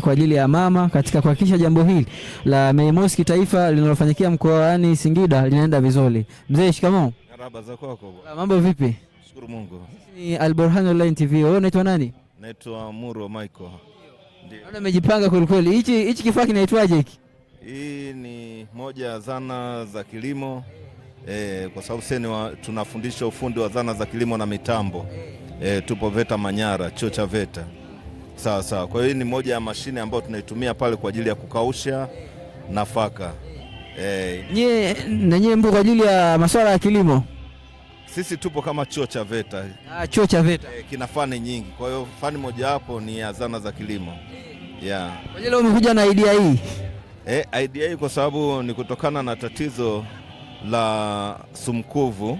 kwa ajili ya mama katika kuhakikisha jambo hili la Mei Mosi kitaifa linalofanyikia mkoani Singida linaenda vizuri. Mzee, shikamoo. Marhaba za kwako. Mambo vipi? Shukuru Mungu. Ni Alburhan Online TV. Wewe unaitwa nani? Naitwa Muro Michael. Ndio. Naona umejipanga kweli kweli. Hichi hichi kifaa kinaitwaje hiki? Hii ni moja ya zana za kilimo eh, kwa sababu sisi tunafundisha ufundi wa zana za kilimo na mitambo eh, e, tupo VETA Manyara, chuo cha VETA Sawa sawa. Kwa hiyo hii ni moja ya mashine ambayo tunaitumia pale kwa ajili ya kukausha nafaka. Eh, nyie na nyie mpo kwa ajili ya masuala ya kilimo? Sisi tupo kama chuo cha VETA. Ah, chuo cha VETA. Eh, kina fani nyingi, kwa hiyo fani mojawapo ni ya zana za kilimo. Yeah. Kwa hiyo leo umekuja na idea hii? Eh, idea hii kwa sababu ni kutokana na tatizo la sumkuvu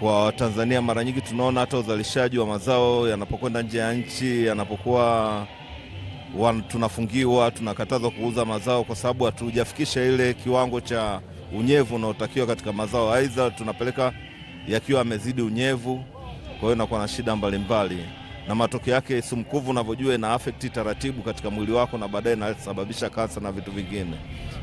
kwa Tanzania mara nyingi tunaona hata uzalishaji wa mazao yanapokwenda nje ya nchi, yanapokuwa tunafungiwa, tunakatazwa kuuza mazao kwa sababu hatujafikisha ile kiwango cha unyevu unaotakiwa katika mazao, aidha tunapeleka yakiwa yamezidi unyevu, kwa hiyo inakuwa na shida mbalimbali mbali. Na matokeo yake sumu unavyojua ina affect taratibu katika mwili wako na baadaye inasababisha kansa na vitu vingine.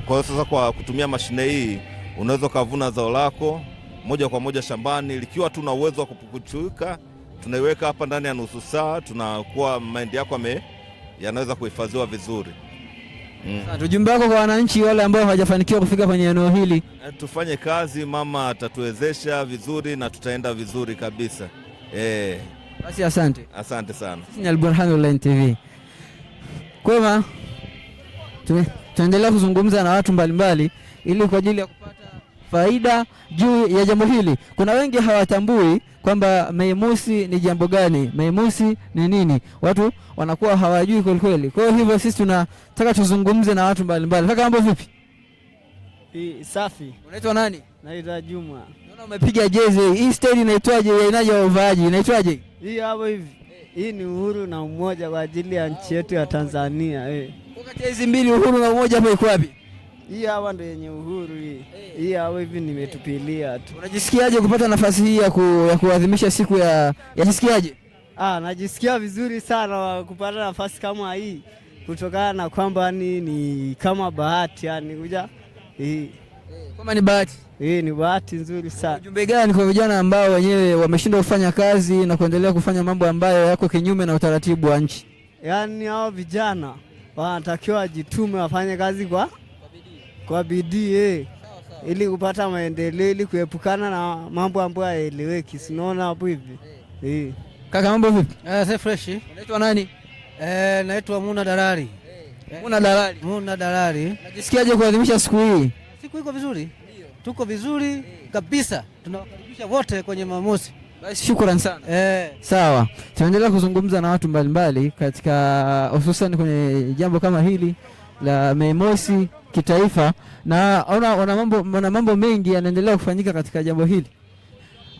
Kwa hiyo sasa, kwa kutumia mashine hii unaweza ukavuna zao lako moja kwa moja shambani, likiwa tuna uwezo wa kupukuchuka, tunaiweka hapa ndani ya nusu saa, tunakuwa mahindi yako yanaweza kuhifadhiwa vizuri. Mm. Ujumbe wako kwa wananchi wale ambao hawajafanikiwa kufika kwenye eneo hili? Tufanye kazi, mama atatuwezesha vizuri na tutaenda vizuri kabisa. Eh. Basi asante. Asante sana. Sisi ni Alburhan Online TV. Kwema. Tuendelea kuzungumza na watu mbalimbali ili kwa ajili ya faida juu ya jambo hili. Kuna wengi hawatambui kwamba Mei Mosi ni jambo gani, Mei Mosi ni nini, watu wanakuwa hawajui kweli kweli. Kwa hiyo hivyo sisi tunataka tuzungumze na watu mbalimbali. Kaka, mambo vipi? Safi. Unaitwa nani? Naitwa Juma. Naona umepiga jezi hii. Stendi inaitwaje? inaje uvaaji inaitwaje? Hii hapo hivi. Hii ni uhuru na umoja kwa ajili ya nchi yetu ya Tanzania. Eh. Kwa kati hizi mbili, uhuru na umoja hapo iko wapi? Hii hawa ndio yenye uhuru hii. Hii hawa hivi nimetupilia tu. Unajisikiaje kupata nafasi hii ya, ku, ya kuadhimisha siku ya yajisikiaje? Ah, najisikia vizuri sana kupata nafasi kama hii kutokana na kwamba ni, ni kama bahati yani kuja hii. Eh, kama ni bahati. Hii ni bahati nzuri sana. Ujumbe gani kwa vijana ambao wenyewe wameshindwa kufanya kazi na kuendelea kufanya mambo ambayo yako kinyume na utaratibu wa nchi? Yaani hao vijana wanatakiwa wajitume wafanye kazi kwa kwa bidii eh, ili kupata maendeleo, ili kuepukana na mambo ambayo haeleweki. Sinaona hapo hivi eh. Kaka, mambo vipi? Eh, sasa fresh. Unaitwa nani? Eh, naitwa Muna Dalali. Eh. Muna Dalali. Muna Dalali. Najisikiaje kuadhimisha siku hii? Siku iko vizuri? Ndio. Tuko vizuri eh, kabisa. Tunawakaribisha wote kwenye maamuzi. Basi shukrani sana. Eh, sawa. Tunaendelea kuzungumza na watu mbalimbali mbali katika hususan kwenye jambo kama hili la Mei Mosi kitaifa na ona mambo, ona mambo mengi yanaendelea kufanyika katika jambo hili.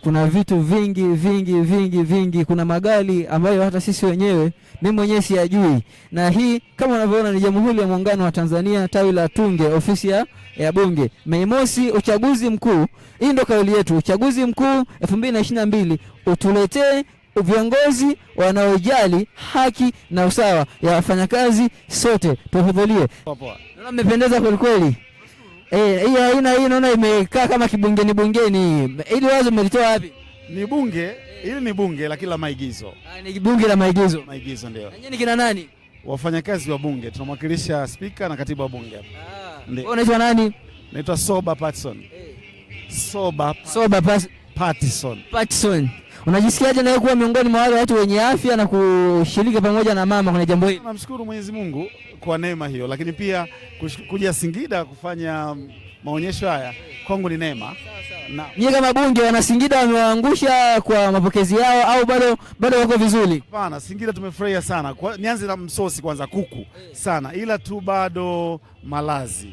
Kuna vitu vingi vingi vingi vingi, kuna magari ambayo hata sisi wenyewe, mimi mwenyewe siyajui, na hii kama unavyoona ni Jamhuri ya Muungano wa Tanzania, tawi la Tunge, ofisi ya, ya Bunge. Mei Mosi, uchaguzi mkuu. Hii ndio kauli yetu, uchaguzi mkuu 2022 utuletee viongozi wanaojali haki na usawa ya wafanyakazi, sote tuhudhurie. Naona mmependeza kweli kweli. Eh, hii aina hii naona imekaa kama kibungeni bungeni. Ili wazo mmelitoa wapi? Ni bunge, hili ni bunge lakini la maigizo. Ah, ni bunge la maigizo. Maigizo ndio. Na Nyinyi kina nani? Wafanyakazi wa bunge tunamwakilisha spika na katibu wa bunge. Ah. Ndio. Wewe Unaitwa nani? Naitwa Soba Patson. Eh. Soba Soba Patson. Patson. Unajisikiaje nawe kuwa miongoni mwa wale watu wenye afya na kushiriki pamoja na mama kwenye jambo hili? Namshukuru Mwenyezi Mungu kwa neema hiyo, lakini pia kuja Singida kufanya maonyesho haya kwangu ni neema. Nyie kama bunge wana Singida wamewaangusha kwa mapokezi yao au bado bado wako vizuri? Hapana, Singida tumefurahia sana. Kwa, nianze na msosi kwanza, kuku sana, ila tu bado malazi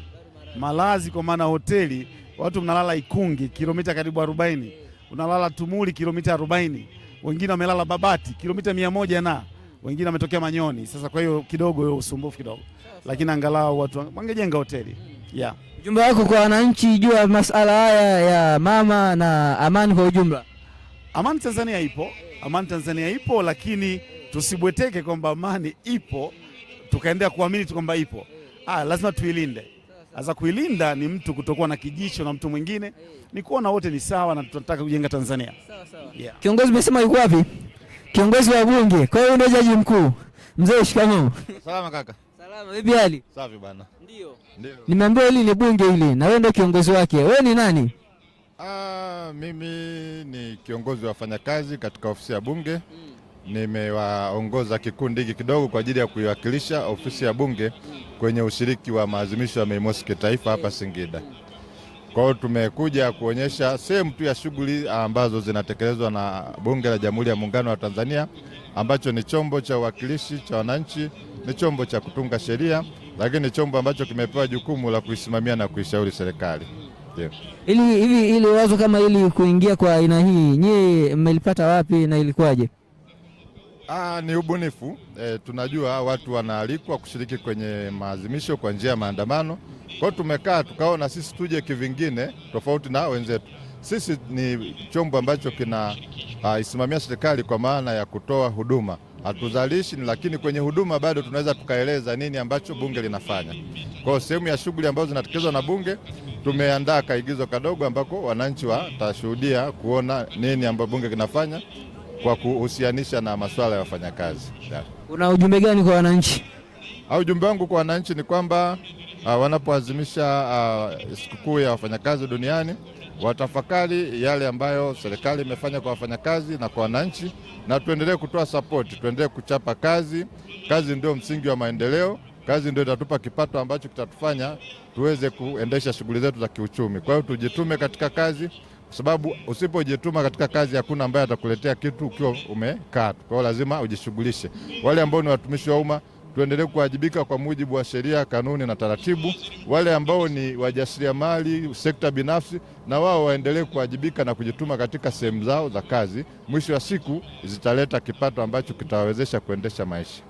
malazi, kwa maana hoteli watu mnalala Ikungi, kilomita karibu arobaini unalala Tumuli kilomita 40, wengine wamelala Babati kilomita mia moja na wengine wametokea Manyoni. Sasa kwa hiyo kidogo hiyo usumbufu kidogo, lakini angalau watu wangejenga hoteli yeah. Jumba yako kwa wananchi juu ya masala haya ya mama na amani kwa ujumla. Amani Tanzania ipo, amani Tanzania ipo, lakini tusibweteke kwamba amani ipo tukaendea kuamini tu kwamba ipo. Ah, lazima tuilinde za kuilinda ni mtu kutokuwa na kijicho na mtu mwingine, ni kuona wote ni sawa na tunataka kujenga Tanzania. Yeah. Kiongozi umesema yuko wapi? Kiongozi wa bunge. Kwa hiyo ndio jaji mkuu. Mzee, shikamoo. Salama kaka. Salama. Vipi hali? Safi bana. Ndio. Ndio. Nimeambiwa hili ni bunge hili na wewe ndio kiongozi wake. Wewe ni nani? Ah, mimi ni kiongozi wa wafanyakazi katika ofisi ya bunge. Mm nimewaongoza kikundi hiki kidogo kwa ajili ya kuiwakilisha ofisi ya Bunge kwenye ushiriki wa maadhimisho ya Mei Mosi kitaifa hapa Singida. Kwa hiyo tumekuja kuonyesha sehemu tu ya shughuli ambazo zinatekelezwa na Bunge la Jamhuri ya Muungano wa Tanzania, ambacho ni chombo cha uwakilishi cha wananchi, ni chombo cha kutunga sheria, lakini ni chombo ambacho kimepewa jukumu la kuisimamia na kuishauri serikali. Yeah. Ili, hivi ili wazo kama ili kuingia kwa aina hii, nyie mmelipata wapi na ilikuwaje? Aa, ah, ni ubunifu e, tunajua watu wanaalikwa kushiriki kwenye maazimisho kwa njia ya maandamano. Kwa hiyo tumekaa tukaona sisi tuje kivingine tofauti na wenzetu. Sisi ni chombo ambacho kinaisimamia ah, serikali kwa maana ya kutoa huduma, hatuzalishi, lakini kwenye huduma bado tunaweza tukaeleza nini ambacho bunge linafanya. Kwa hiyo sehemu ya shughuli ambazo zinatekelezwa na bunge tumeandaa kaigizo kadogo ambako wananchi watashuhudia kuona nini ambacho bunge kinafanya kwa kuhusianisha na masuala ya wafanyakazi. Una ujumbe gani kwa wananchi? Ah, ujumbe wangu kwa wananchi ni kwamba uh, wanapoazimisha uh, sikukuu ya wafanyakazi duniani watafakari yale ambayo serikali imefanya kwa wafanyakazi na kwa wananchi, na tuendelee kutoa sapoti, tuendelee kuchapa kazi. Kazi ndio msingi wa maendeleo, kazi ndio itatupa kipato ambacho kitatufanya tuweze kuendesha shughuli zetu za kiuchumi. Kwa hiyo tujitume katika kazi kwa sababu usipojituma katika kazi hakuna ambaye atakuletea kitu ukiwa umekaa tu. Kwa hiyo lazima ujishughulishe. Wale ambao ni watumishi wa umma tuendelee kuwajibika kwa mujibu wa sheria, kanuni na taratibu. Wale ambao ni wajasiriamali, sekta binafsi, na wao waendelee kuwajibika na kujituma katika sehemu zao za kazi. Mwisho wa siku zitaleta kipato ambacho kitawawezesha kuendesha maisha.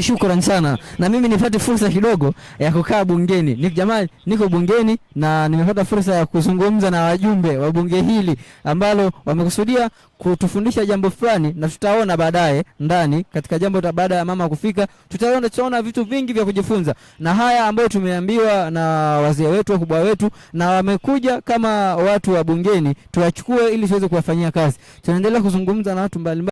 Shukrani sana na mimi nipate fursa kidogo ya kukaa bungeni. Ni jamani, niko bungeni na nimepata fursa ya kuzungumza na wajumbe wa bunge hili ambalo wamekusudia kutufundisha jambo fulani, na tutaona baadaye ndani katika jambo la baada ya mama kufika, tutaona tutaona vitu vingi vya kujifunza, na haya ambayo tumeambiwa na wazee wetu, wakubwa wetu, na wamekuja kama watu wa bungeni, tuwachukue ili tuweze kuwafanyia kazi. Tunaendelea kuzungumza na watu mbalimbali.